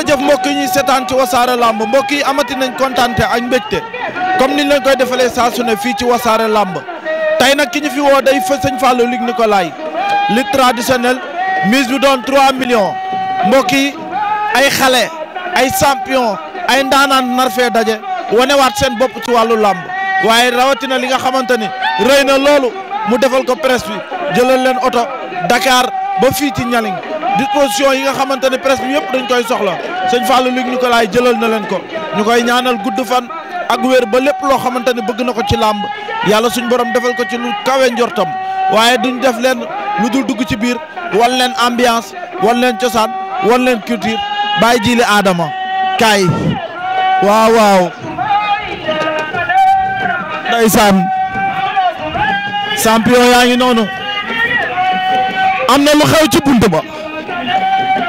jërëjëf mbokk yi ñuy seetaan ci wasaare lamb mbokk yi amati nañ kontaante ak mbégte comme niñ leen koy defalee saa su ne fii ci wasaare lamb tey nag ki ñu fi woo day fa sëñ Fallou Luc Nicolaï li traditionnel mise bi doon 3 millions mbokk yi ay xale ay champion ay ndaanaan nar fee daje wanewaat seen bopp ci wàllu lamb waaye rawatina li nga xamante ni rëy na loolu mu defal ko presse bi jëlal leen oto Dakar ba fii ci Nialing disposition yi nga xamante ne presse bi yëpp dañ koy soxla sëñ Fallou Luc Nicolaï jëlal na leen ko ñu koy ñaanal gudd fan ak wér ba lépp loo xamante ne bëgg na ko ci làmb yàlla suñ borom defal ko ci lu kawe njortam waaye duñ def leen lu dul dugg ci biir wan leen ambiance wan leen cosaan wan leen culture bàyyi jiili aadama kaay waaw waaw ndeysaan champion yaa ngi noonu am na lu xew ci bunt ba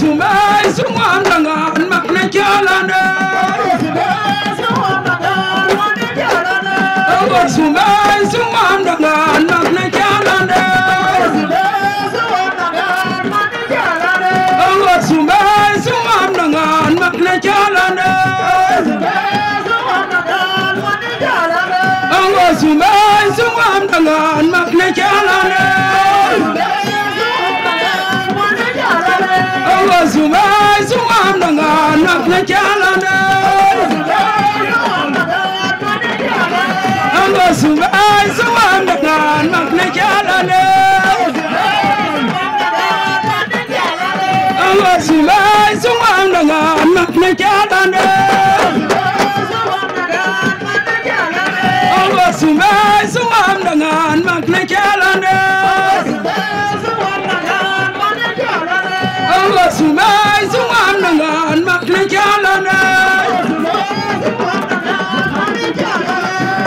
sumay suma ndangaan mak na jalane Obar sumay suma ndangaan mak na jalane Obar sumay suma ndangaan mak na jalane Obar sumay suma ndangaan mak na jalane wa sumay sumam danga nak na calande wa sumay sumam danga nak na calande wa sumay sumam danga nak na na calande sumay sumam dangan mak na jalane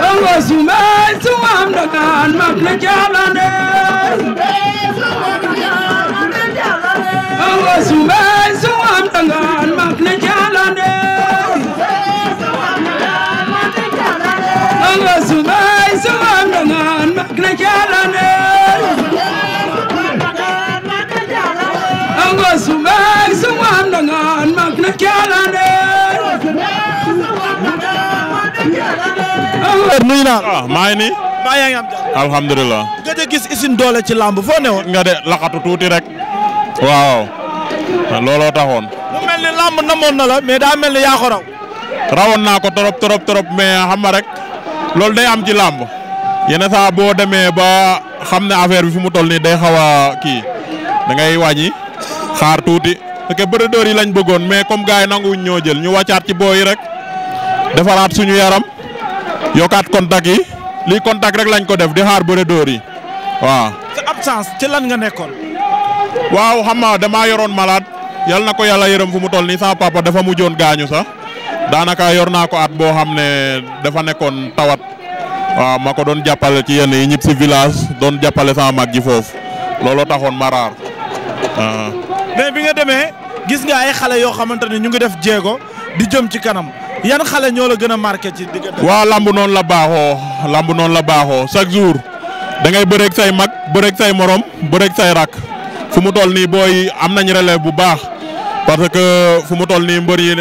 Awa sumay sumam dangan mak na jalane Awa sumay sumam dangan mak na jalane nuyu naa la. Ah, maa ngi nii. maa yaa ngi gis Usine Doolé ci làmb foo ne woon. nga de laxatu tuuti rek. waaw. looloo taxoon. mu mel ni làmb namoon na la mais daa mel ni yaa raw. rawoon naa ko trop trop trop mais xam nga rek. loolu day am ci làmb. yenn saa boo demee ba xam ne affaire bi fu mu toll nii day xaw kii da ngay xaar tuuti. ok bërëdër yi lañ bëggoon mais comme gars yi nanguwuñ ñoo jël ñu wàccaat ci booy rek defaraat suñu yaram yokkaat contact yi lii contact rek lañ ko def di xaar bërëdër yi waaw. sa absence ci lan nga nekkoon. waaw xam naa damaa yoroon malaat yal na ko yàlla yërëm fu mu toll nii sama papa dafa mujjoon gaañu sax daanaka yor naa ko at boo xam ne dafa nekkoon tawat. waaw ma ko doon jàppale ci yenn yi ñib si village doon jàppale sama mag ji foofu looloo taxoon ma mais bi nga demee gis nga ay xale yoo xamante ne ñu ngi def jéego di jëm ci kanam yan xale ñoo la gën a marqué ci diggante. waaw lamb noonu la baaxoo lamb noonu la baaxoo chaque jour da ngay bëreeg say mag bëreeg say morom bëreeg say rak fu mu toll nii booy am nañ relève bu baax parce que fu mu toll nii mbër yi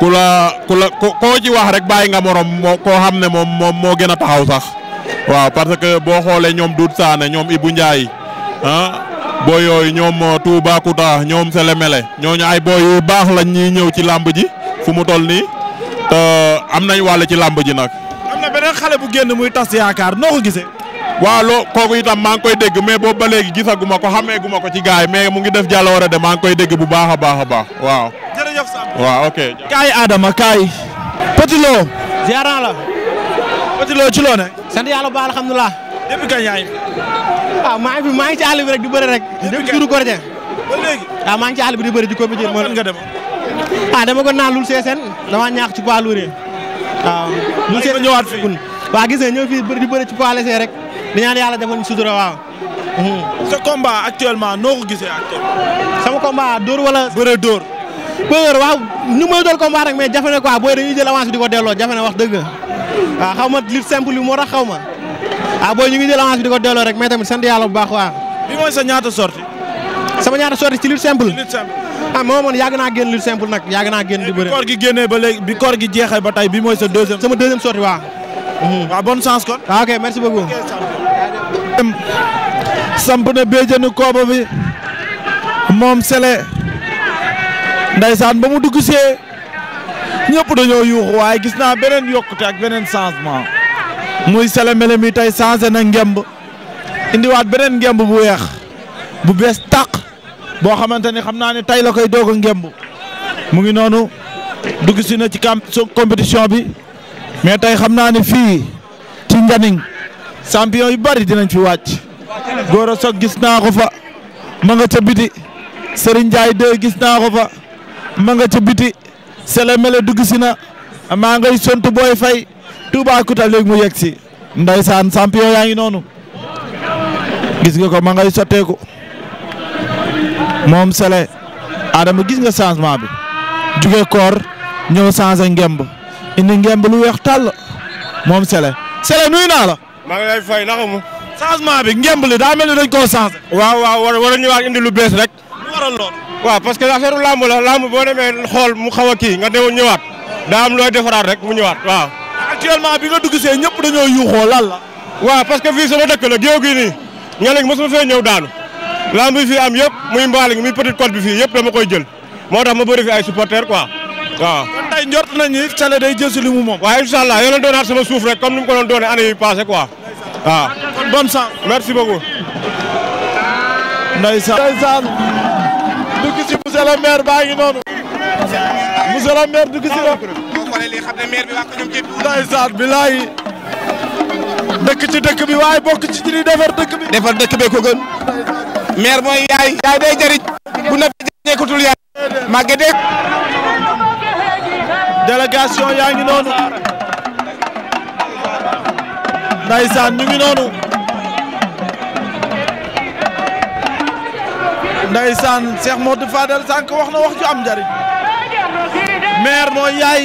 ku la ku la ko ci wax rek yi nga morom moo xam ne moom moom moo gën a taxaw sax waaw parce que boo xoolee ñoom Doudou Sané ñoom Ibou bu ah. boo yooyu ñoom uh, Toubacouta ñoom Selemele ñooñu ay booy yu baax lañ ñuy ñëw ci làmb ji fu mu toll nii te uh, am nañ wàll ci làmb ji nag. beneen xale bu génn muy tas yaakaar noo ko gisee. waaw loo kooku itam maa ngi koy dégg mais boobu ba léegi gisaguma ko xameeguma ko ci gaay mais mu ngi def jàll war de maa ngi koy dégg bu baax a baax a baax waaw. jërëjëf Samb waaw ok. kaay Adama kaay. Petit Lo. ziar la. ci loo ne. sant yàlla bu baax alhamdulilah. depuis waaw ah, maa ngi fi maa ngi ci àll bi rek di bëri rek. depuis juru gardien. ba léegi ah, maa ngi ci àll bi di bëri di compétir. waaw fan nga dem. ah dama ko naan lul seesen dama ñaax ci poids lourd waaw. lul seesen ñëwaat fi waaw gis nga ñëw fii di bëri ci poids léger rek di ñaan yàlla defoon sutura waaw. Hmm. sa combat actuellement noo ko gisee actuellement. sama combat dóor wala. bëre dóor. bëre waaw ñu may doon combat rek mais jafane na quoi booy dañuy jël di ko delloo jafe na wax dëgg waaw ah, xaw ma li simple bi moo xaw ma ah booy ñu ngi jël avance bi di ko delloo rek mais tamit sant yàlla bu baax waaw. bi mooy sa ñaata sorti sama ñaata sorti ci lutte simple. lutte simple ah moom man yàgg naa génn lutte simple nag yàgg naa génn di bëri. bi koor gi génnee ba léegi bi koor gi jeexee ba tey bi mooy sa deuxième. sama deuxième sorti waaw. waaw mhm. ah, bonne chance kon. waaw ah, ok merci beaucoup. samp na béjjënu kooba bi moom Sélé ndaysaan ba mu dugg see ñëpp dañoo yuuxu waaye gis naa beneen yokkute ak beneen changement. muy Sélé Mélé mi tey changé na ngemb indiwaat beneen ngemb bu weex bu bees tàq boo xamante ni xam naa ne tey la koy doog a ngemb mu ngi noonu dugg si na ci camp compétition bi mais tey xam naa ne fii ci Njaniñ champion yu bari dinañ fi wàcc Gora Sock gis naa ko fa ma nga ca biti Serigne Ndiaye 2 gis naa ko fa ma nga ca biti Sélé Mélé dugg si na maa ngay sont booy fay. Toubacouta léegi mu yegg si ndeysaan champion yaa ngi noonu gis nga ko ma ngay sotteeku moom Sélé Adama gis nga changement bi jugee koor ñëw changé ngemb indi ngemb lu weex tàll moom Sélé Sélé nuyu naa la. maa ngi lay fay naka mu. changement bi ngemb li daa mel ni dañ koo changé. waaw waaw war war a ñëwaat indi lu bees rek. lu waral lool. waaw parce que affaire lamb la lamb boo demee xool mu xaw a kii nga demoon ñëwaat daa am looy defaraat rek mu ñëwaat waaw. actuellement bi nga dugg see ñëpp dañoo yuuxoo lan la. waaw parce que fii sama dëkk la géew gi nii Ngaleñ mosuma fee ñëw daanu lamb bi fii am yëpp muy Mbaling muy Petite Côte bi fii yëpp dama koy jël moo tax ma bëri fi ay supporters quoi waaw. kon tey njort nañ day jël si li mu moom. waaw incha allah yéen a doonaat sama suuf rek comme ni mu ko doon doonee année yi passé quoi waaw. kon merci beaucoup. ndeysaan ndeysaan dugg si monsieur le maire baa ngi noonu xoolee lii xam ne maire bi dëkk ci dëkk bi waaye bokk ci ci defar dëkk bi. defar dëkk bee ko gën. maire mooy yaay. yaay day jëriñ. bu na jëkkutul yaay. màgge dégg. délégation yaa ngi noonu. ndeysaan ñu ngi noonu. Ndeysaan Cheikh Modou Fadel sànq wax na wax ju am njariñ maire mooy yaay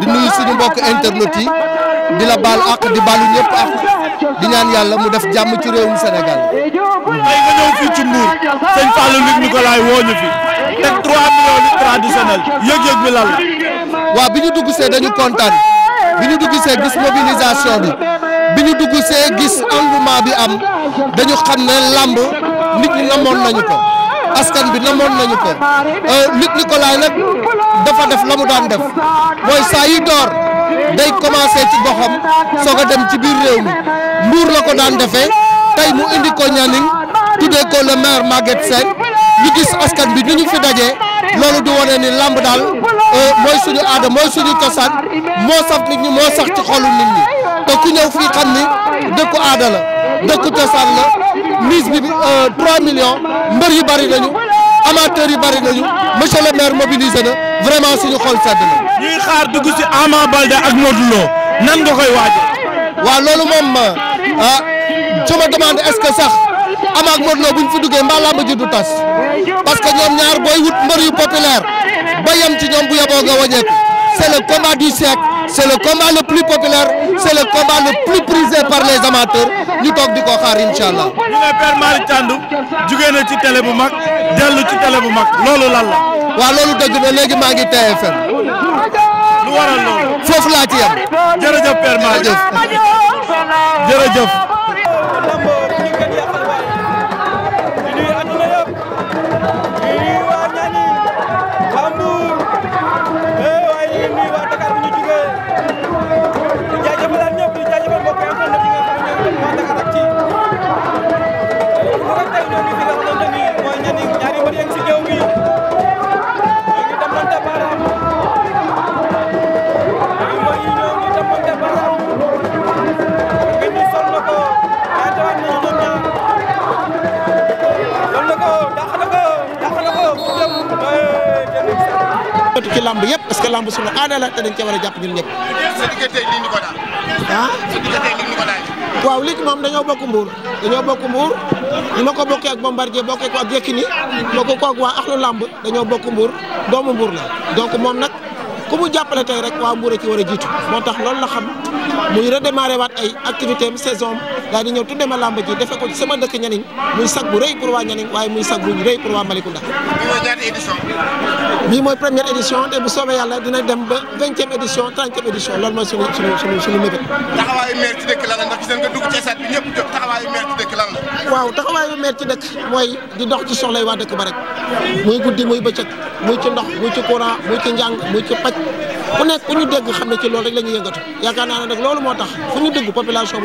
di nuyu suñu mbokk internet yi di la baal ak di baalu ñëpp ak di ñaan yàlla mu def jàmm ci réew mu senegal nga ñëw fii yëg-yëg bi lan la. waaw bi ñu dugg see dañu kontaan bi ñu dugg see gis mobilisation bi bi ñu dugg see gis engouement bi am dañu xam ne làmb nit ñi namoon nañu ko. askan bi namoon nañu ko euh, Luc Nicolaï nag dafa def la mu daan def mooy saa yi door day commencé ci goxam soog a dem ci biir réew mi mbuur la ko daan defee tey mu indi ko Nianing tuddee ko le maire Maguette Sène ñu gis askan bi ni ñu fi dajee loolu di wane ni làmb daal euh, mooy suñu aada mooy suñu cosaan moo saf nit ñi moo sax ci xolu nit ñi te ku ñëw fii xam ni dëkku aada la dëkku cosaan la. mise bi 3 euh, millions mbër yu bari nañu amateurs yu bari nañu monsieur le maire mobilisé na vraiment suñu xol sedd na. ñuy xaar dugg ci Ama Baldé ak Modou nan nga koy waajee. loolu moom ah je me demande sax Ama ak Modou buñ fi duggee mbaa làmb ji tas parce que ñoom ñaar booy wut mbër yu populaire ba yem ci ñoom bu yaboo nga wàññeeku c'est le du siècle. c'est le combat le plus populaire c'est le combat le plus prisé par les amateurs ñu toog di ko xaar incha allah. ñu ne Père Malick ci télé bu mag dellu ci télé bu mag loolu lan la. waaw loolu dëgg la léegi maa ngi TFM. lu waral loolu. foofu laa ci yem. jërëjëf ci lamb yëpp parce que lamb suñu aada la te dañ cee war a jàpp ñun ñëpp. sa ah? waaw lii moom dañoo bokk mbuur dañoo bokk mbuur ni ma ko bokkee ak Bombardier bokkee ko ak Yékini bokkee ko ak waa axlu lamb dañoo bokk mbuur doomu mbuur la donc moom nag ku mu jàppale tey rek waa mbuur ci war a jiitu moo tax loolu la xam muy redémarrer waat ay activité am saison daal di ñëw tudde ma làmb ji defe ko ci sama dëkk ñaniñ muy sag bu rëy pour waa ñaniñ waaye muy sag bu rëy pour waa Malicounda bii mooy première édition te bu soobee yàlla dina dem ba vingtième édition trentième édition loolu mooy suñu suñu suñu suñu mébét taxawaayu maire ci dëkk lan la ndax ci soxlay waa dëkk ba rek muy guddi muy bëccëg muy ci ndox muy ci courant muy ci njàng muy ci paj ku nekk ku ñu dégg xam ne ci loolu rek la ñuy yëngatu yaakaar moo tax fu ñu dugg population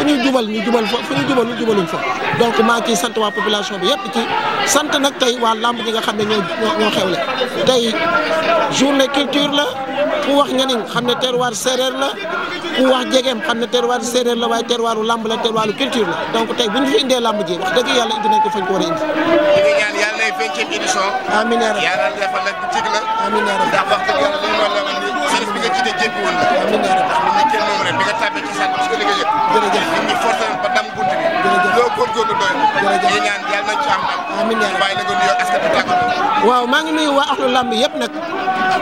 fu ñu jubal ñu jubal fa fu ñu jubalul jubaluñ fa donc maa ciy sant waa population bi yëpp ci sant nag tey waa làmb ji nga xam ne ñoo ñoo xewle tey journée culture la ku wax Nianing xam ne terroir séeréer la ku wax jegeem xam ne terroir séeréer la waaye terroiru làmb la terroiru culture la donc tey bu ñu fi indee làmb ji wax dëgg yàlla indi nañ ko fañ ko war indi. ñu ngi la ci de jéggi woon la. am na ñu kenn moom ren di nga tàbbi ci sax na. jërëjëf yi ñaan yàlla nañ ci am ndam. amiin yaa waaw maa ngi nuyu waa axlu làmb yëpp nag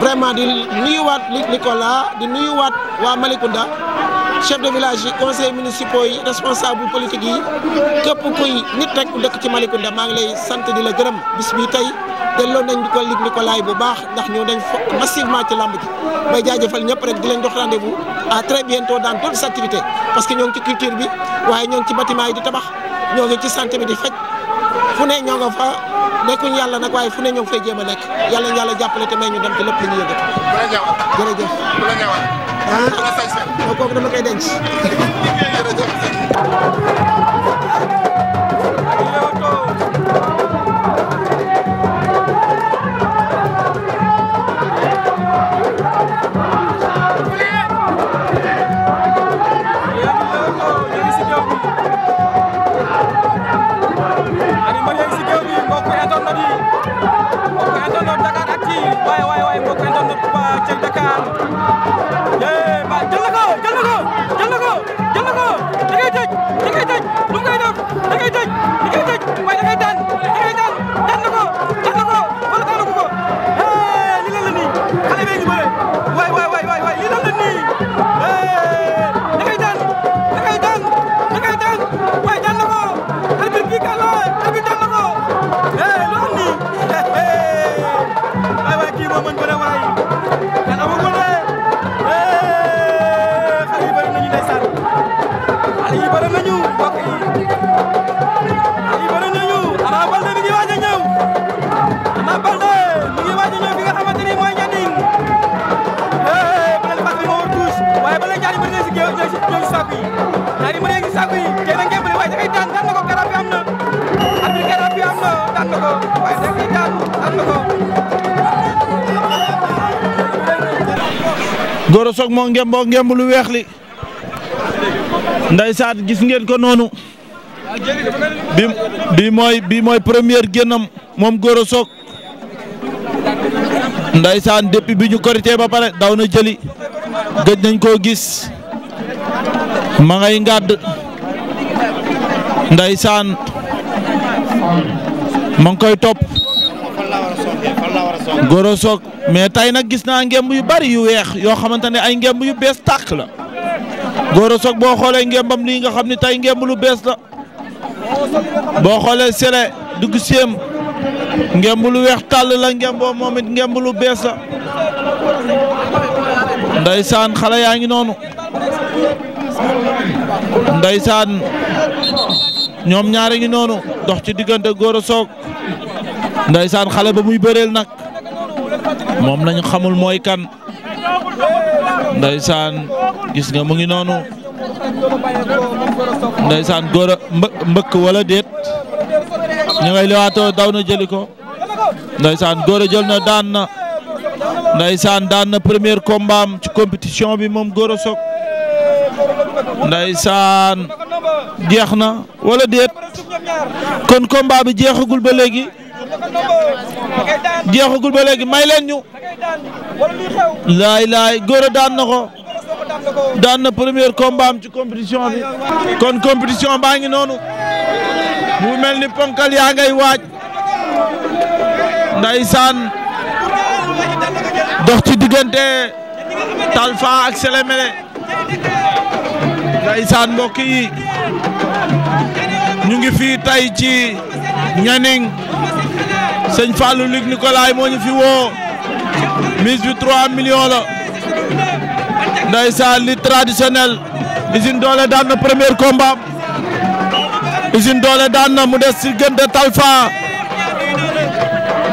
vraiment di nuyuwaat Nicolas di nuyuwaat waa Malicounda chef de village yi conseil municipaux yi responsable politique yi képp kuy nit rek ku dëkk ci Malicounda maa ngi lay sant di la gërëm bis bi tey delloo nañ di ko lig ni ko laay bu baax ndax ñëw nañ massivement ci làmb ji bay jaajëfal ñëpp rek di leen jox rendez-vous à très bientôt dans d'autres parce que ñoo ngi ci culture bi waaye ñoo ngi ci bâtiment yi di tabax ñoo ngi ci santé bi di faj fu ne ñoo nga fa nekkuñ yàlla nag waaye fu ne ñoo ngi fay jéem a nekk yàlla yàlla jàppale te may ñu dem te lépp lu ñu yëngatu. jërëjëf jërëjëf. ah kooku dama koy moo ngemboo lu weex li ndeysaan gis ngeen ko noonu bi mooy bi première génnam moom Gora Sock ndeysaan depuis bi ñu korité ba pare daw na jëli gëj nañ koo gis ma ngay ngàdd ndeysaan ma ngi koy topp Gora mais tey nag gis naa ngemb yu bari yu weex yoo xamante ne ay ngemb yu bees tàq la Gora Sock boo xoolee ngembam lii nga xam ne tey ngemb lu bees la boo xoolee sele dugg séem ngemb lu weex tàll la ngemboo moom it ngemb lu bees la saan xale yaa ngi noonu saan ñoom ñaari ngi noonu dox ci diggante Gora Sock ndaysaan xale ba muy bëreel nag moom lañu xamul mooy kan ndeysaan gis nga mu ngi noonu ndeysaan góor a mbëkk wala déet ñu ngay daw na jëli ko ndeysaan góor a jël na daan na ndeysaan daan na premier combat am ci compétition bi moom góor a soog ndeysaan jeex na wala déet kon combat bi jeexagul ba léegi jeexagul ba léegi may leen ñu. laay laay góor a ko. daan na premier combat am ci compétition bi. kon compétition baa ngi noonu. mu mel ni ponkal yaa ngay waaj. Ndeysaan dox ci diggante Talfa ak Selemele Ndeysaan mbokk yi ñu ngi fii tey ci Nianing sëñ Fallou Luc Nicolaï moo ñu fi woo mise bi 3 millions la ndeysaan li traditionnel usine doole daan na premier combat usine doole daan na mu des ci gën de Talfa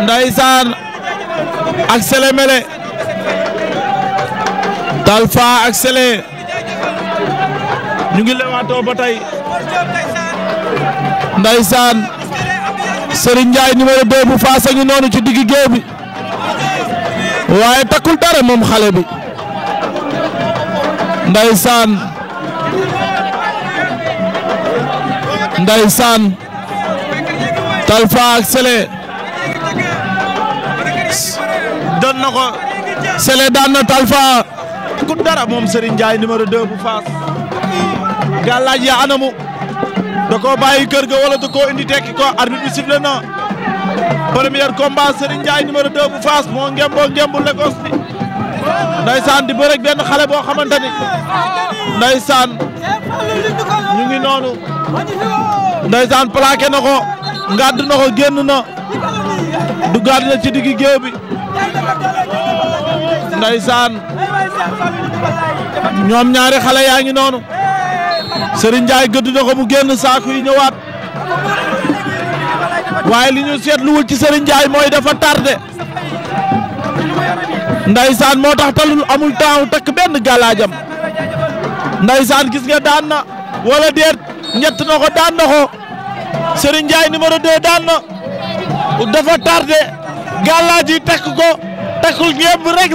ndeysaan ak Sele Mele Talfa ak Sele ñu ngi lewaatoo ba tey ndeysaan Serigne Ndiaye numéro 2 bu Fass a noonu ci digg géew waaye takkul dara moom xale bi ndeysaan ndeysaan Talfa ak Sele doon na ko Sele daan na Talfa takkul dara moom Serigne Ndiaye numéro 2 bu Fass gàllaaj anamu da koo kër ga wala da koo indi tekki ko arbitre bi na premier combat Serigne Ndiaye numéro 2 bu Fass moo ngemboo ngembu Lagos bi ndaysaan di bërek benn xale boo xamante ni ndaysaan ñu ngi noonu ndaysaan plaqué na ko ngàdd na génn na du gàdd na ci diggi géew bi ndaysaan ñoom ñaari xale yaa ngi noonu Serigne Ndiaye ko mu génn saako yi ñëwaat waaye li ñu seetluwul ci Serigne mooy dafa tardé ndaysaan moo tax talul amul temps takk benn galaajam ndaysaan gis nga daan na wala déet ñett na ko daan na ko Serigne Ndiaye numéro 2 daan na dafa tardé galaaj yi takk ko takkul ñepp rek.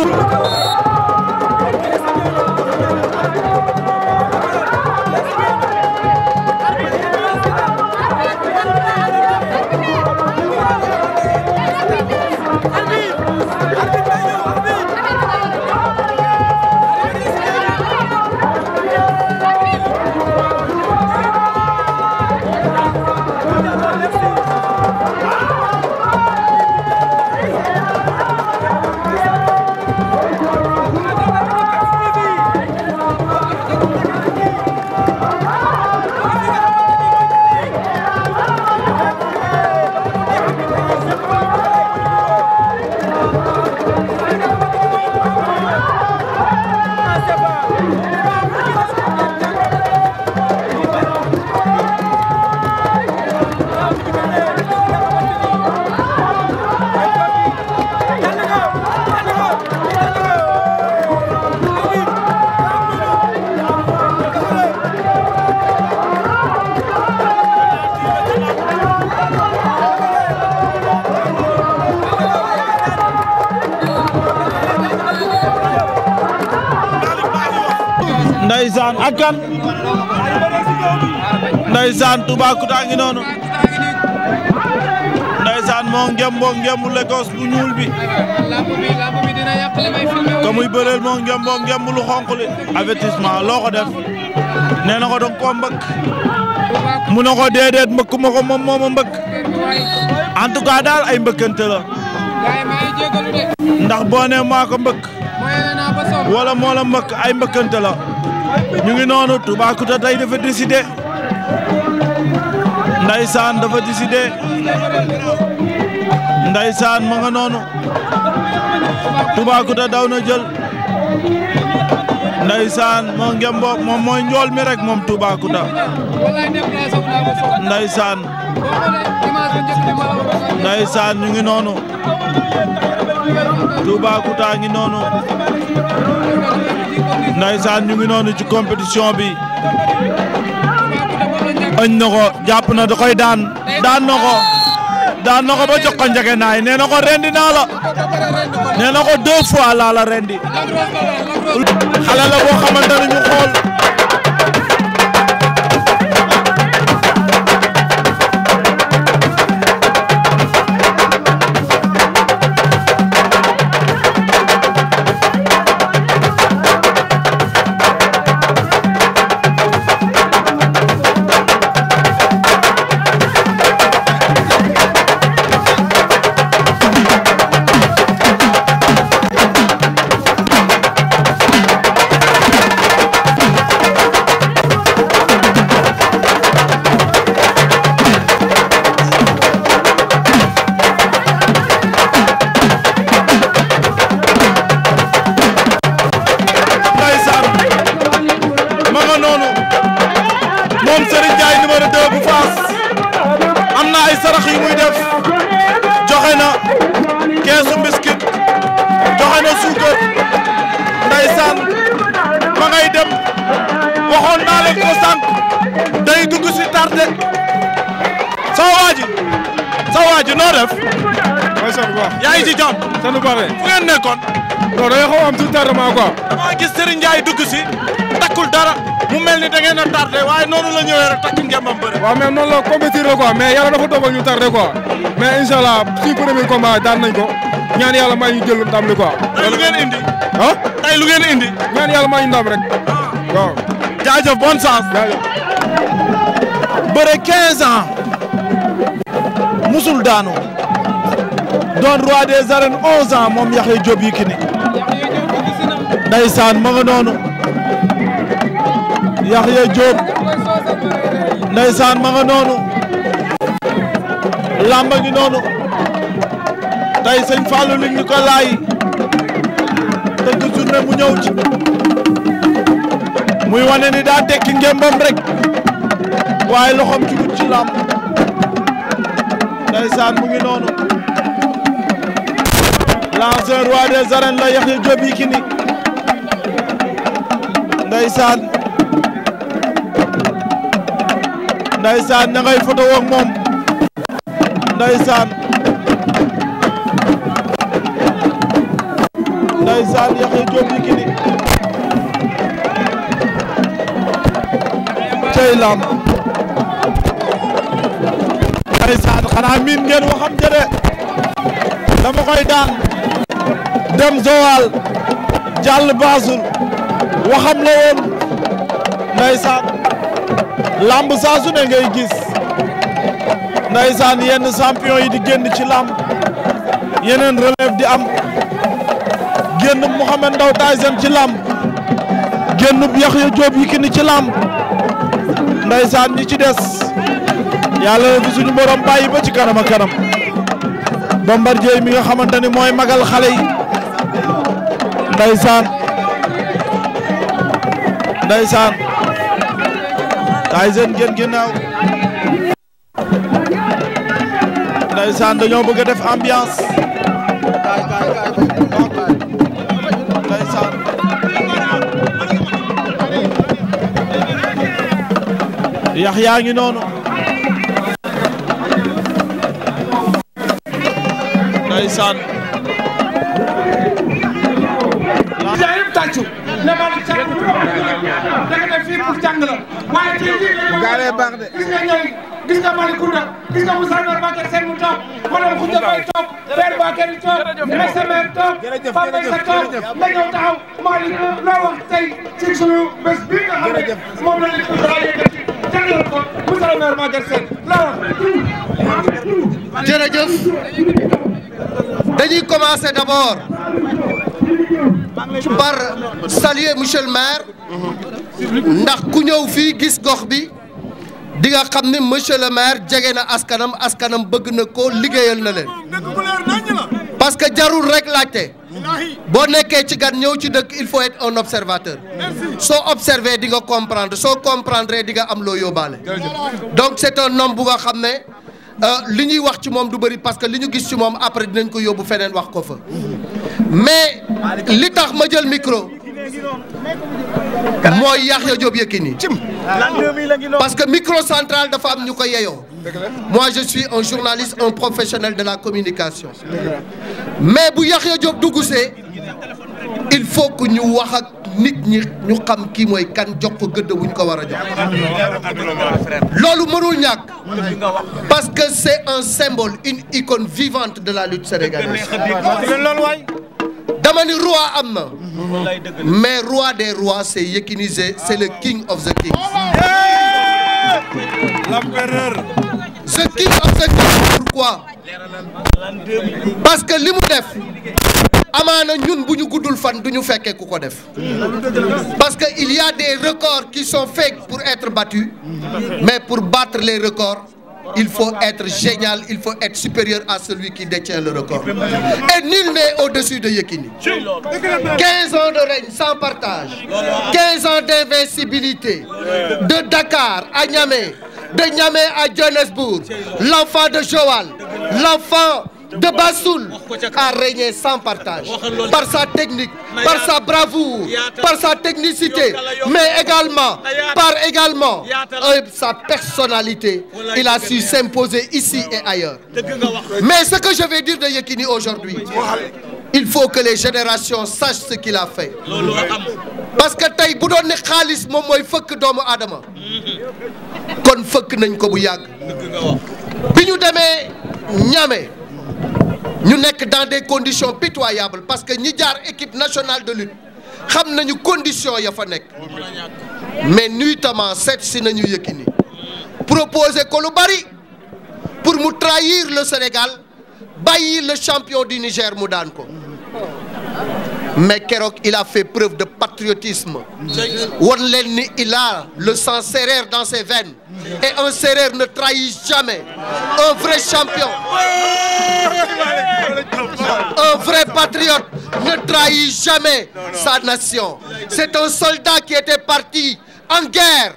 ak kan ndeysaan Toubacouta ngi noonu ndeysaan moo ngemboo ngembu Lagos bu ñuul bi ka muy bëreel moo ngemboo ngembu lu xonq li avertissement loo def nee na ko dong mu na ko déedéet mbëkk ma ko moom mooma tout cas daal ay mbëkkante la ndax boo nee maa ko mbëkk moo la mbëkk ay mbëkkante la ñu ngi noonu Toubacouta tey dafa décidé Ndaysaan dafa décidé Ndaysaan ma nga noonu Toubacouta daw na jël Ndaysaan moo ngembo moom mooy njool mi rek moom Toubacouta Ndaysaan Ndaysaan ñu ngi noonu Toubacouta ngi noonu ndaysaan ñu ngi noonu ci compétition bi añ na ko jàpp na da koy daan daan na ko daan na ko ba jox nee na ko rendi naa la nee na ko deux la rendi xale la boo xamante ñu xool na nu baaxee. fu ngeen nekkoon. non da nga xaw am tuuti tardement quoi. gis Serigne Ndiaye dugg si takkul dara mu mel ni da ngeen a tardé waaye noonu la ñëwee rek takk ngembam bëri. waaw mais noonu la compétir la quoi mais yàlla dafa dogal ñu tardé quoi mais incha allah suñu premier combat daan nañ ko ñaan yàlla maa ñu jël ndam li quoi. tey lu ngeen indi. ah tey lu ngeen indi. ñaan yàlla maa ñu ndam rek ah. waaw. jaajëf bonne daanu. doon roi des arènes 11 moom Yaxya Diop Yékini ndeysaan ma nga noonu Yaxya Diop ndeysaan ma nga ngi noonu tey sëñ Fallou lig ñu ko laay tëgg journée mu ñëw ci muy wane ni daa tekki ngembam rek waaye loxoom ci wut ci làmb ndeysaan mu ngi noonu l'ancien roi des la Yaxya Diop Yékini ndeysaan ndeysaan na ngay photo ak moom ndeysaan ndeysaan Yaxya Diop Yékini cey lam ndeysaan xanaa miin ngeen waxam ja de dama koy daan dem Joal jàll Banjul waxam la woon ndeysaan lamb saa su ne ngay gis ndeysaan yenn champion yi di génn ci lamb yeneen relève di am génn Mouhamed Ndao Tyson ci lamb génn Yaxya Diop Yékini ci lamb ndeysaan yi ci des yàlla na fi suñu borom bàyyi ba ci kanam a kanam mi nga xamante ni mooy magal xale yi ndeysaan ndeysaan Tyson ngeen ginnaaw ndeysaan dañoo bëgg a def ambiance ndeysaan yax yaa ngi noonu tàccu ne man càmm lu ma da nga ne fii pour jàng la waaye tey jii dañoo baax de gis nga ñëw gis nga Malicounda gis nga Moussa Ndar Mbacké seen mu toog madame Khoudia Faye toog Père Bakary toog SMR toog Pape Meysa toog nga ñëw taxaw Malick loo wax tey ci suñu bés bii nga xam ne moom la ñu ko daa yëkkati jàngal ko Moussa Ndar Mbacké seen loo wax jërëjëf dañuy commencer d'abord par saluer monsieur le maire ndax ku ñëw fii gis gox bi di nga xam ne monsieur le maire jege na askanam askanam bëgg na ko liggéeyal na leen parce que jarul rek laajte boo nekkee ci gan ñëw ci dëkk il faut être un observateur soo observé di nga comprendre soo comprendre di nga am loo yóbbaale donc c'est un homme bu xam ne Euh, li ñuy wax ci moom du bëri parce que li ñu gis ci moom après dinañ ko yóbbu feneen wax ko fa mais li tax ma jël micro mooy Yaxya Diop Yékini parce que micro central dafa am ñu ko yeyoo moi je suis un journaliste un professionnel de la communication mais bu Yaxya Diop dugusee il faut que ñu wax ak nit ñi ñu xam kii mooy kan jox ko gëdd bu ko war a jox loolu mënul ñàkk parce que c'est un symbole une icône vivante de la lutte sénégalaise dama ni roi am na mais roi des rois c'est Yékini c'est le king of the kings l'empereur the king pourquoi parce que li mu def amaana ñun bu ñu guddul fan du ñu fekkee ku ko def parce que il y a des records qui sont faits pour être battus mais pour battre les records il faut être génial il faut être supérieur à celui qui détient le record et nul au-dessus de Yekini 15 ans de règne sans partage 15 ans d'invincibilité de Dakar à Niamey de Niamey à Johannesburg l'enfant de Joal l'enfant de Bassoul a régné sans partage par sa technique par sa bravoure par sa technicité mais également par également euh, sa personnalité il a su s'imposer ici et ailleurs mais ce que je vais dire de Yekini aujourd'hui il faut que les générations sachent ce qu'il a fait parce que tey bu doon ne xaalis moom mooy fëkk doomu aadama kon fëkk nañ ko bu yàgg bi ñu nekk dans des conditions pitoyables parce que ñi jaar équipe nationale de lutte xam nañu condition ya fa nekk mais nuitamment seet si nañu Yékini proposer ko lu bari pour mu trahir le Sénégal bàyyi le champion du Niger mu daan ko mais keroog il a fait preuve de patriotisme won leen ni il a le sang sérère dans ses veines Et un Sérère ne trahit jamais. Un vrai champion. Un vrai patriote ne trahit jamais sa nation. C'est un soldat qui était parti en guerre.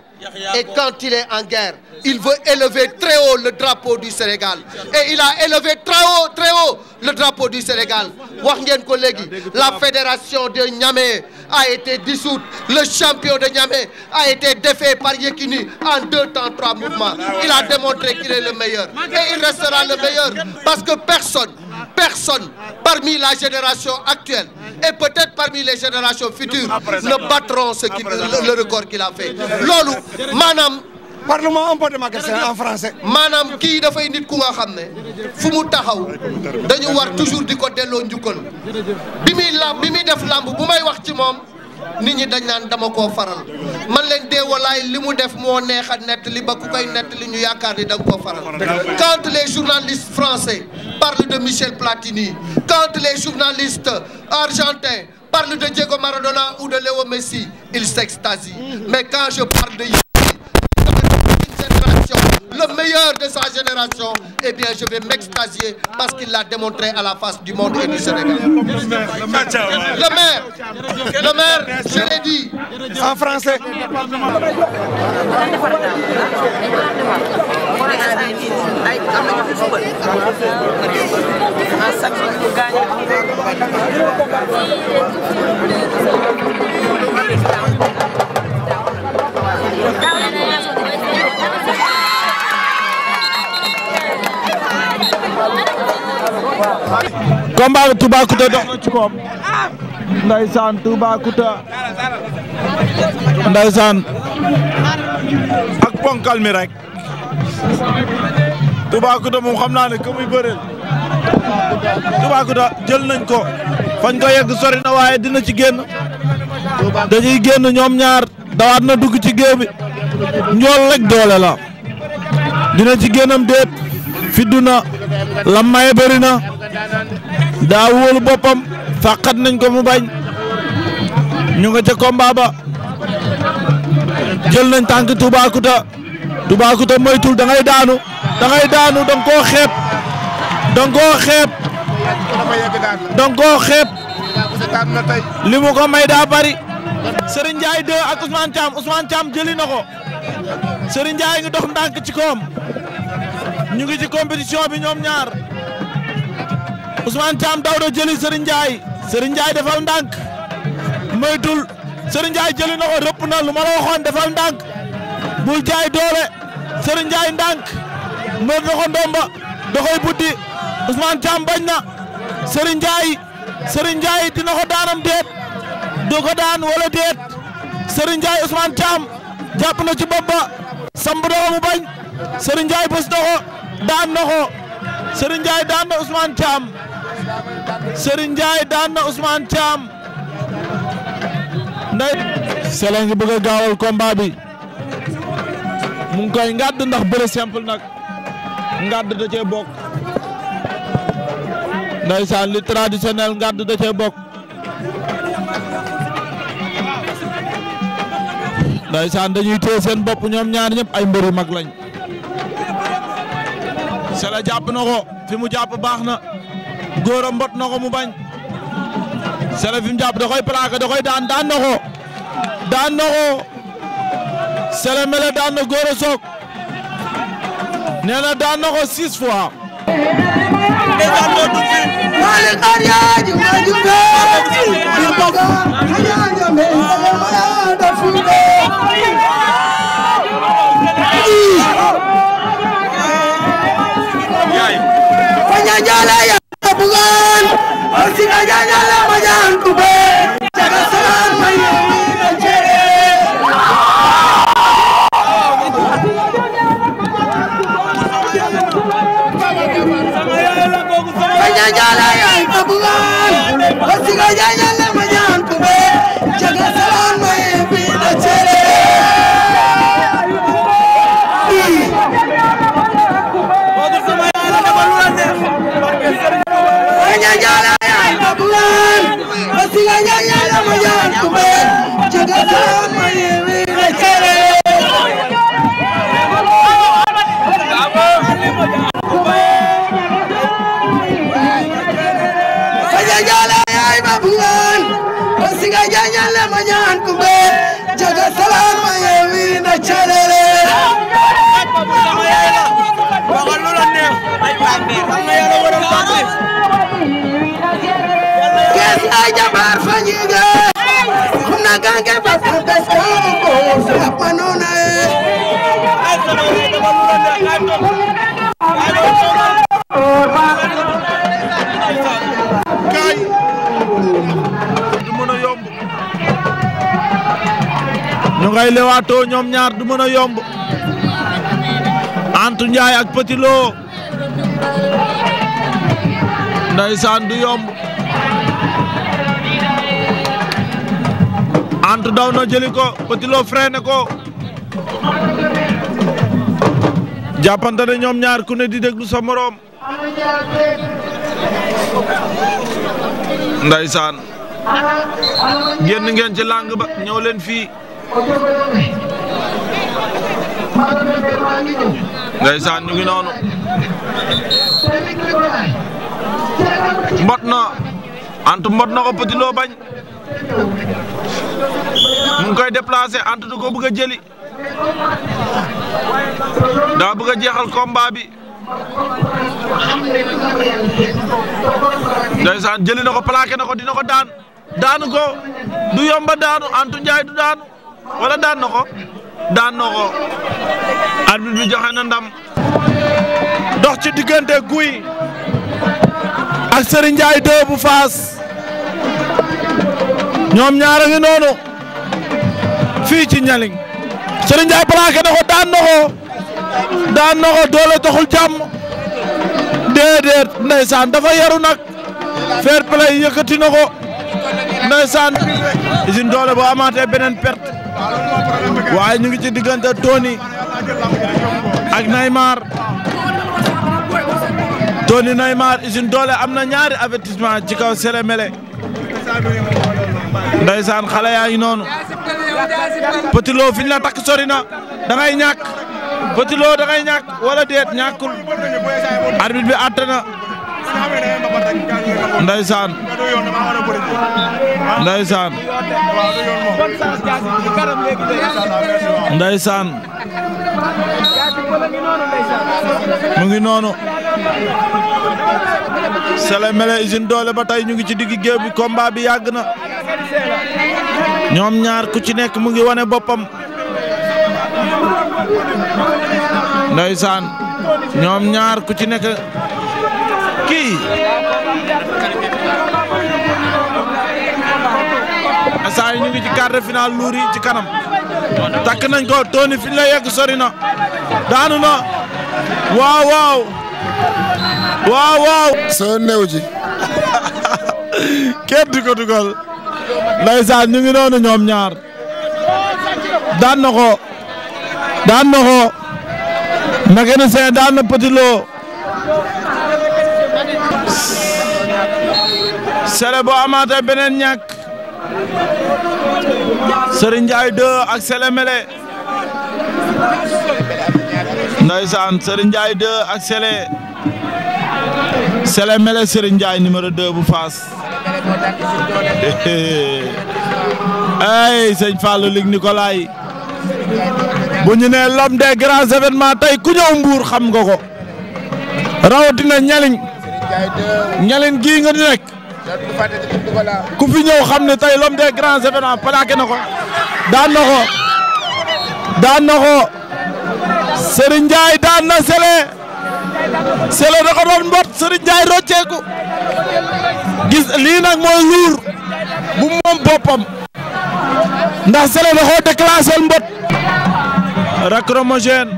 Et quand il est en guerre, il veut élever très haut le drapeau du Sénégal. Et il a élevé très haut le drapeau du Sénégal wax ngeen ko léegi la fédération de Niamey a été dissoute le champion de Niamey a été défait par Yekini en deux temps trois mouvements il a démontré qu'il est le meilleur parce que personne personne parmi la génération actuelle et peut-être parmi les générations futures ne battront ce qui le record qu'il a fait loolu parlement un peu de magasin en français. maanaam kii dafay nit ku nga xam ne fu mu taxaw dañu war toujours di ko delloo njukkal bi muy làmb bi muy def làmb bu may wax ci moom nit ñi dañ naan dama koo faral man leen dee li mu def moo neex a nett li ba ku koy nett li ñu yaakaar ni da nga koo faral. quand les journalistes français parlent de Michel Platini quand les journalistes argentins parlent de Diego Maradona ou de Léo Messi ils s'extasient mais quand je parle de de sa génération, eh bien, je vais m'extasier parce qu'il l'a démontré à la face du monde et du Sénégal. le maire, je l'ai dit. En français. combat bi Toubacouta dox na ci koom ndaysaan Toubacouta ak ponkal mi rek Toubacouta moom xam naa ne que muy bëreel Toubacouta jël nañ ko fañ ko yegg sori na waaye dina ci génn dañuy génn ñoom ñaar dawaat na dugg ci géew njool rek doole la dina ci génnam déet fiddu na la daa wóolu boppam fàqat nañ ko mu bañ ñu nga ca combat ba jël nañ tànk Toubacouta Toubacouta moytul da ngay daanu da ngay daanu da nga koo xeeb da nga koo xeeb da nga koo xeeb li mu ko may daa bari Serigne Ndiaye 2 ak Ousmane Thiam Ousmane Thiam jëli na ko Serigne Ndiaye ngi dox ndànk ci koom ñu ngi ci compétition bi ñoom ñaar Ousmane Thiam daw na jëli Serigne Ndiaye Serigne Ndiaye defal ndànk moytul Serigne Ndiaye jëli na ko rëpp na defal ndànk bul jaay doole Serigne Ndiaye ndànk mër ndomba da koy buddi Ousmane Thiam bañ na Serigne Ndiaye Serigne daanam déet du daan wala déet Serigne Ndiaye Ousmane Thiam jàpp ci bopp ba mu bañ Serigne Ndiaye bës na ko daan na ko Serigne Serigne Ndiaye daan na Ousmane Thiam nday Sele ngi bëgg gaawal combat mu ngi koy ngàdd ndax bëre simple nag ngàdd da cee bokk ndaysaan li traditionnel ngàdd da cee bokk ndaysaan dañuy téye seen bopp ñoom ñaar ñëpp ay mbëri mag lañ Sele jàpp na ko fi mu jàpp baax na góor mbot na ko mu bañ Sele fi mu jàpp da koy plaqué da koy daan daan na ko daan na ko Sele Mele daan na góor a soog nee na daan na ko six fois. Allah gaga paska paska ko kay du mën yomb ñu ngay lewaatoo ñoom ñaar du mën a yomb Antou Ndiaye ak Petit Lo ndaysaan du yomb ant daw na jëli ko Petit Lo ko jàppante ne ñoom ñaar ku ne di déglu sa moroom Ndeysaan génn ngeen ci làng ba ñëw leen fii Ndeysaan ñu ngi noonu mbot na ant mbot na ko Petit bañ mu ngi koy déplacé Anta da ko bëgg a jëli daa bëgg a jeexal komba bi ndeysaan jëli na ko plaqué na ko dina ko daan daanu ko du yomba daanu Anta Ndiaye du daanu wala daan na daan na ko arbitre bi joxe na ndam dox ci diggante guy ak Serigne Ndiaye bu Faas ñoom ñaara ngi noonu fii ci ñaling Serigne Ndiaye plaqué na ko daan na ko daan na ko doole taxul jàmm déedéet ndeysaan dafa yaru nag fair play yëkkati na ko ndeysaan usine doole boo amaatee beneen perte waaye ñu ngi ci diggante Tony ak Neymar Tony Neymar usine doole am na ñaari avertissement ci kaw Sele Mele Ndeysaan xale yaa ngi noonu Petit Lo fi ñu la takk sori na da ngay ñàkk Petit Lo da ngay ñàkk wala déet ñàkkul arbitre bi àtte na Ndeysaan Ndeysaan Ndeysaan mu ngi noonu Sele Mele usine doole ba tey ñu ngi ci diggu géew bi combat bi yàgg na ñoom ñaar ku ci nekk mu ngi wane boppam ndeysaan ñoom ñaar ku ci nekk kii asaa yi ñu ngi ci quart de luur yi ci kanam takk nañ ko Tony fi la yegg sori na daanu na waaw waaw waaw waaw soo néew ji kenn di ko dugal ndeysaan ñu ngi noonu ñoom ñaar daan na ko daan na ko mécanicien daan na Petit Lo sele boo amaatee beneen ñàkk Serigne Ndiaye 2 ak Sele Mele Ndeysaan Serigne Ndiaye 2 ak Sele Sele Mele Serigne Ndiaye numéro 2 bu Faas ay sëñ Fallou Luc Nicolaï bu ñu nee l'homme des grands événements tey ku ñëw Mbour xam nga ko rawatina ñaliñ ñaliñ gii nga di nekk ku fi ñëw xam ne tey l'homme des grands événements plaqué na ko daan daan na ko Serigne Ndiaye daan na Sélé Sélé da ko doon mbot Serigne Ndiaye rocceeku gis lii nag mooy luur bu moom boppam ndax Sélé da koo déclassé mbot lacrymogène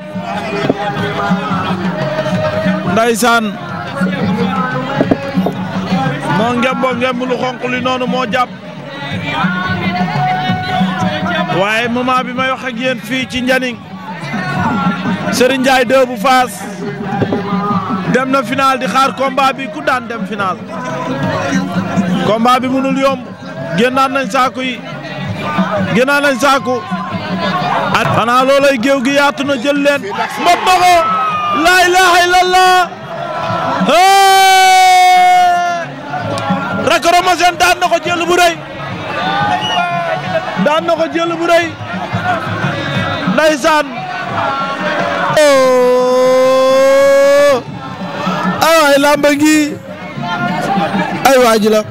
ndeysaan moo ngemboo ngemb xonq li noonu moo jàpp waaye moment bi may wax ak fii ci Njaniñ Serigne Ndiaye bu Faas dem na final di xaar combat bi ku daan dem final combat bi mënul yomb génnaan nañ saaku yi génnaan nañ saaku at xanaa loolay géew gi yaatu na jël leen mbot na laa ilaaha illallah Rack Ramazane daan na ko jël bu rëy daan na bu rëy ndeysaan oh. ay waay làmba ay waa la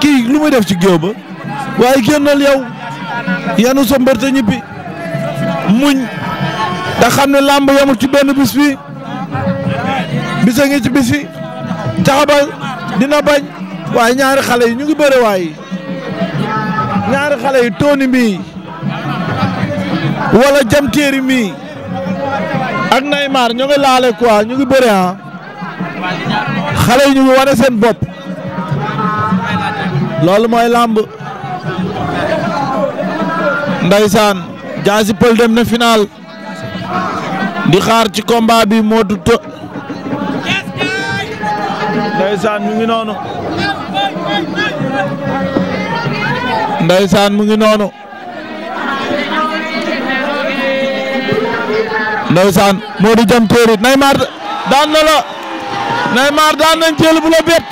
kii lu def ci géew ba waaye génnal yow yanu sa mbër muñ te xam ne làmb yamul ci benn bis bisa ngi ci bis bi dina bañ waaye ñaari xale yi ñu ngi bëre waay ñaari xale yi Tony mii wala Jam Téeri mii ak Neymar ñu ngi laale quoi ñu ngi bëre ah xale yi ñu ngi wane seen bopp loolu mooy làmb Ndeysaan Diassy Peulh dem na final di xaar ci combat bi moo du të Ndeysaan ñu ngi noonu ndaysaan mu ngi noonu ndeysaan Modou Jam Téeri Neymar daan na la Neymar daan nañ jël bu la bett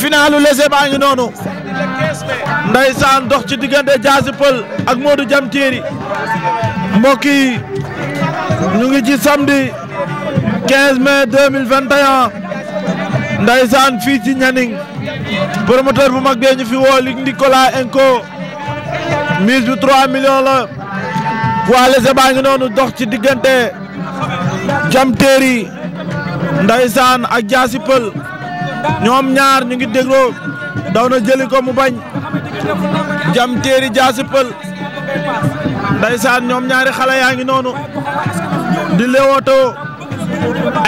finalu lese ngi noonu ndeysaan dox ci diggante Diassy Peulh ak Modou Jam Téeri mbokk yi ngi ci samedi 15 mai 2021 ndaysaan fii ci Nianing promoteur bu mag bee ñu fi woo Luc Nicolas Enco mise la poids léger baa ngi noonu dox ci diggante Jam Terry ndaysaan ak Diassy Peul ñoom ñaar ñu ngi dégloo daw na jëli ko mu bañ Jam Terry Diassy Peul ñoom ñaari xale yaa ngi noonu di lewoto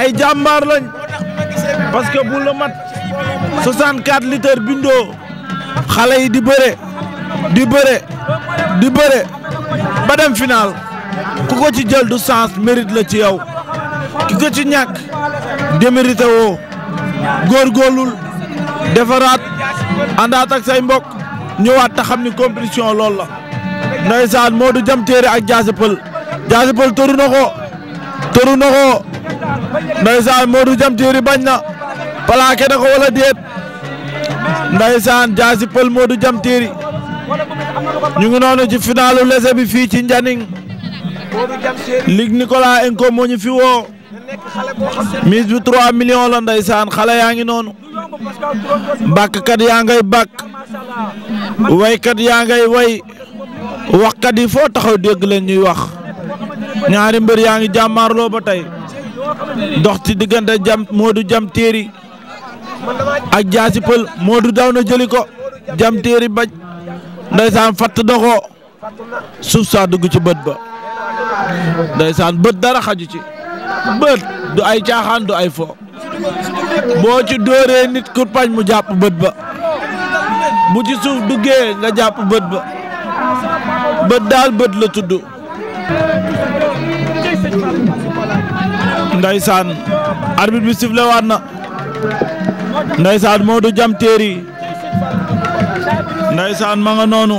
ay jàmbaar lañ parce que bu la mat 64 litres bindoo xale yi di bëre di bëre di bëre ba dem final ku ko ci jël du sens mérite la ci yow ki ko ci ñàkk démérité woo góorgóorlul defaraat àndaat ak say mbokk ñëwaat ta ni compétition loolu la ndeysaan Modou jam téere ak Diassy Peulh Diassy Peulh tëru na ko tëru na jam téere bañ na plaqué na ko wala déet ndaysaan jaasi pël Modou Jam Téeri ñu ngi noonu ci finalu lese bi fii ci Njaning Luc Nicolas Enko moo ñu fi woo mise bi 3 millions la ndaysaan xale yaa ngi noonu bàkkat yaa ngay bàkk waykat yaa ngay way waxkat yi foo taxaw dégg leen ñuy wax ñaari mbër yaa ngi jàmmaarloo ba tey dox ci diggante jam Modou Jam Téeri ak jaasi pël Modou daw na jëli ko jam téeri baj ndeysaan fatt na suuf saa dugg ci bët ba ndeysaan bët dara xaju ci bët du ay caaxaan du ay fo boo ci dóoree nit ku pañ mu jàpp bët ba bu ci suuf duggee nga jàpp bët ba bët daal bët la tudd ndeysaan arbitre bi siflewaat na Ndeysaan Modou Jam Téeri Ndeysaan ma nga noonu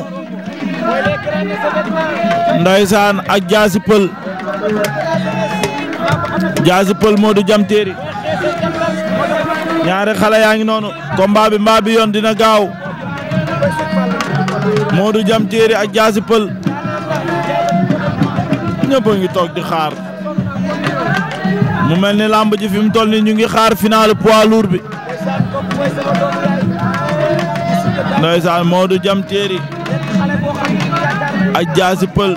Ndeysaan ak Jaasi Pël Jaasi Pël Modou Jam Téeri ñaari xale yaa ngi noonu combat bi mbaa bi yoon dina gaaw Modou Jam Téeri ak Jaasi Pël ñëpp ngi toog di xaar mu mel ni làmb ji fi mu toll nii ñu ngi xaar final poids lourd bi ndeysaan Modou Jam Téeri ak Jaasi Pël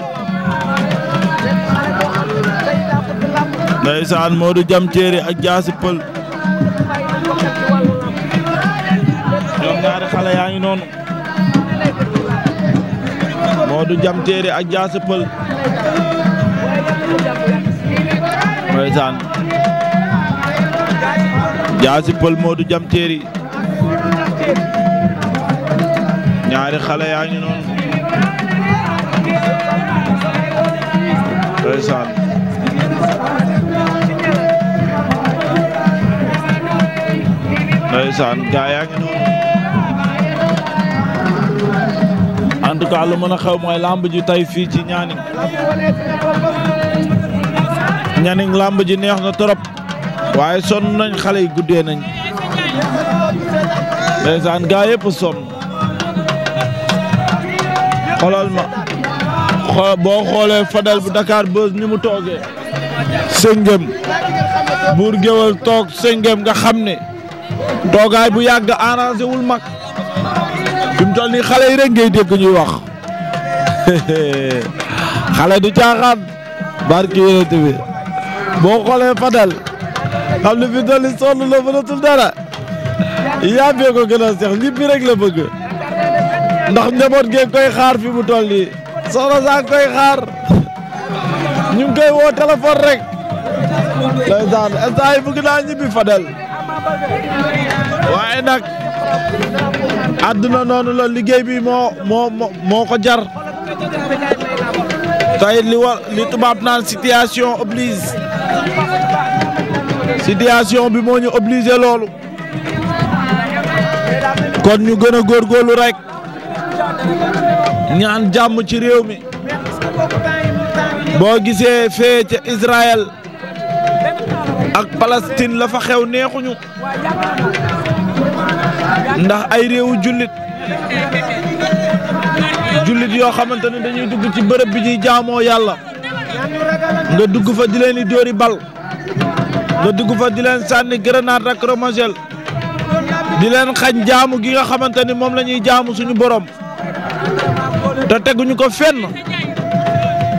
ndeysaan Modou Jam Téeri ak Jaasi Pël ñoom ñaari xale yaa ngi noonu Modou Jam Téeri ak Jaasi Pël ndeysaan Jaasi Pël Modou Jam Téeri ñaari xale yaa ngi noonu ndeysaan ndeysaan yaa ngi noonu en tout cas lu mën a xew mooy lamb ji tey fii ci ñaani ñaning lamb ji neex na trop waaye sonn nañ xale yi guddee nañ ndeysaan gaa yëpp sonn xoolal ma boo xoolee Fadel bu Dakar Buzz ni mu toogee sëngëm buur géwal toog sëngëm nga xam ne toogaay bu yàgg arrangé wul mag fi mu toll nii xale yi rek ngay dégg ñuy wax xale du caaxaan barki yénete boo xoolee Fadel xam ne fi dolli sonn la mënatul dara yaa bee ko gën ñibbi rek la bëgg ndax njaboot gee koy xaar fi mu toll nii saa koy xaar ñu ngi koy woo téléphone rek ndeysaan instant yi bëgg noonu la liggéey bi moo moo moo li tubaab naan situation oblige situation bi moo ñu obligé loolu kon ñu gën góor góorgóorlu rekk ñaan jàmm ci réew mi boo gisee fee ca Israël ak Palestine la fa xew neexuñu ndax ay réewu jullit jullit yoo xamante ne dañuy dugg ci bërëb bi ñuy jaamoo yàlla nga dugg fa di leen di dóori bal nga dugg fa di sànni grenade lacrymogène di leen xañ jaamu gi nga xamante ni moom la ñuy jaamu suñu borom te teguñu ko fenn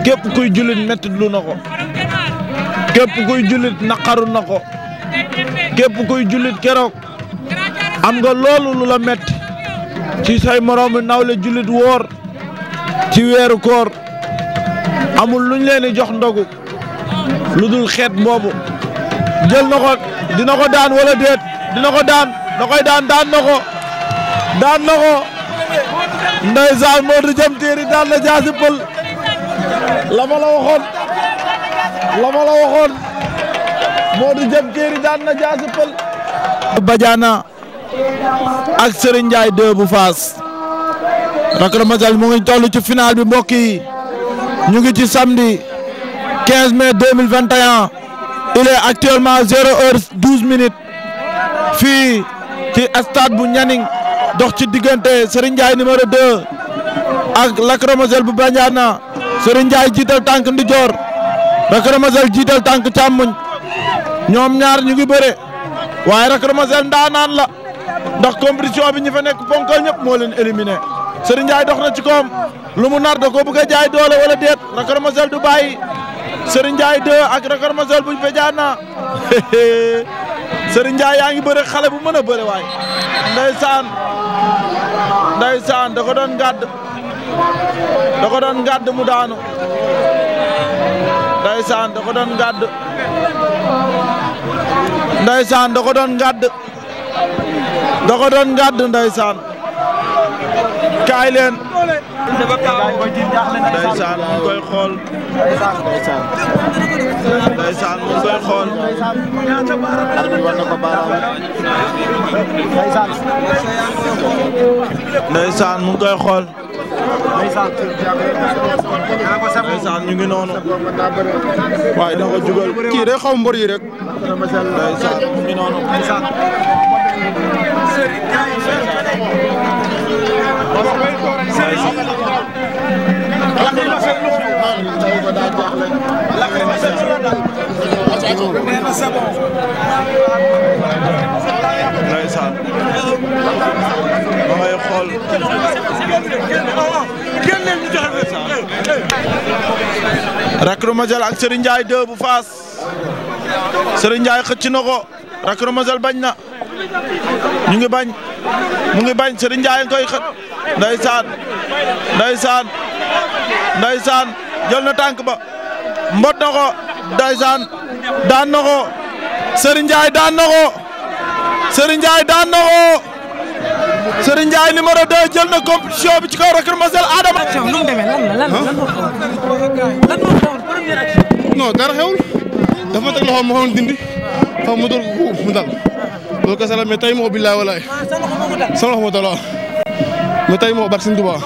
képp kuy jullit mettitlu na ko képp kuy jullit naqaru na ko képp kuy jullit keroog am nga loolu lu la metti ci say moroomi nawle jullit woor ci weeru koor amul luñ leen di jox ndogu lu dul xeet boobu jël na ko dina ko daan wala déet dina ko daan da koy daan daan na daan na ko ndeysaan Modou Jam Téeri daan na Diassy Peulh la ma la waxoon la daan na Diassy Peulh Badiana ak Serigne Ndiaye 2 bu Faas Racramassal mu ngi toll ci final bi mbokk yi ñu ngi ci samedi 15 mai 2021 il est actuellement zéro heure douze minutes fii ci stade bu Nianing dox ci diggante Serigne Ndiaye numéro 2 ak Lac Ramazel bu Bandiana Serigne Ndiaye jiital tànk ndijoor Lac Ramazel jiital tànk càmmoñ ñoom ñaar ñu ngi bëre waaye Lac Ramazel ndaanaan la ndax compétition bi ñi fa nekk ponkal ñëpp moo leen éliminé Serigne Ndiaye dox na ci koom lu mu nar da ko bëgg a jaay doole wala déet Lac du bàyyi. Serigne Ndiaye ak Record Mazol buñ fa jaana Serigne yaa ngi bëre xale bu mën a bëre waay ndeysaan ndeysaan da ko doon gàdd da ko doon gàdd mu daanu ndeysaan da ko doon gàdd doon gàdd da ko doon gàdd ndeysaan kaay dafa kaaw ndeysaan mu koy xool ndeysaan mu koy xool ndeysaan mu koy xool ndeysaan ñu ngi noonu waaye da ko jugal kii day xaw mbër yi rek ndeysaan ñu ngi noonu ndeysaan ma ngay xool Rack Ramazal ak Serigne Ndiaye 2 bu Faas Serigne Ndiaye xëcc na ko Rack Ramazal bañ na ñu ngi bañ mu ngi bañ Serigne Ndiaye koy ndeysaan ndeysaan ndeysaan jël na tànk ba mbot na ko ndeysaan daan na ko Serigne daan na ko Serigne Ndiaye daan jël na compétition bi ci kaw Adama. non dara xewul dafa teg loxo ma xawoon dindi xaw ma dóor ko mu dal loolu kese la mais tey billaay walaay ah, sama loxo moo mais tey moo barke Sëñ Tuubaa.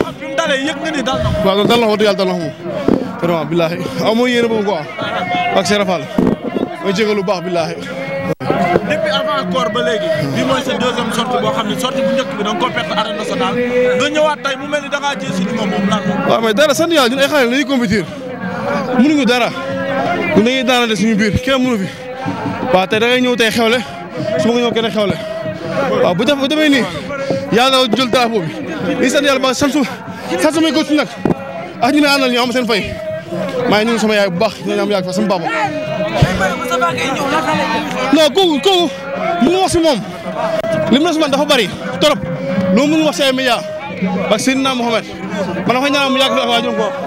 waaw loolu dal na wax dëgg yàlla dal na wax moom. vraiment billaahi aw ma yéene boobu quoi ak Cheikh Rafal ma jégalu lu baax billaahi. depuis avant ba léegi. bi mooy sa deuxième sortie boo tey mu mel ni da ngaa jël si li moom moom lan la. waaw mais dara sant yàlla dara ñun suñu biir kenn mënu fi waaw tey da ngay ñëw tey xewle su ma ko ñëw kenn xewle waaw bu def bu demee nii yàlla jël drapeau bi. di sant yàlla ba sant su sant samay coach nag ak ah, ñu ne àndal ñu seen fay maa ngi nuyu yaay bu baax ñu am yaay fa sama papa. non kooku kooku mu ngi wax si moom li mu ne si man dafa bari trop loolu mu ngi wax si ay médias ak Seydina Mohamed man dafa mu yàgg fi ak waa